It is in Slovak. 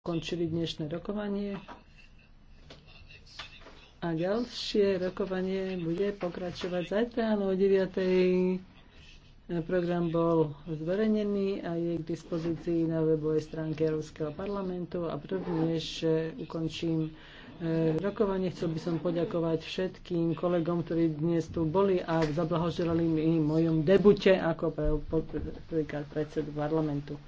končili dnešné rokovanie. A ďalšie rokovanie bude pokračovať zajtra o 9. Program bol zverejnený a je k dispozícii na webovej stránke Európskeho parlamentu a prvnež ukončím rokovanie. Chcel by som poďakovať všetkým kolegom, ktorí dnes tu boli a zablahoželali mi mojom debute ako predseda predsedu parlamentu.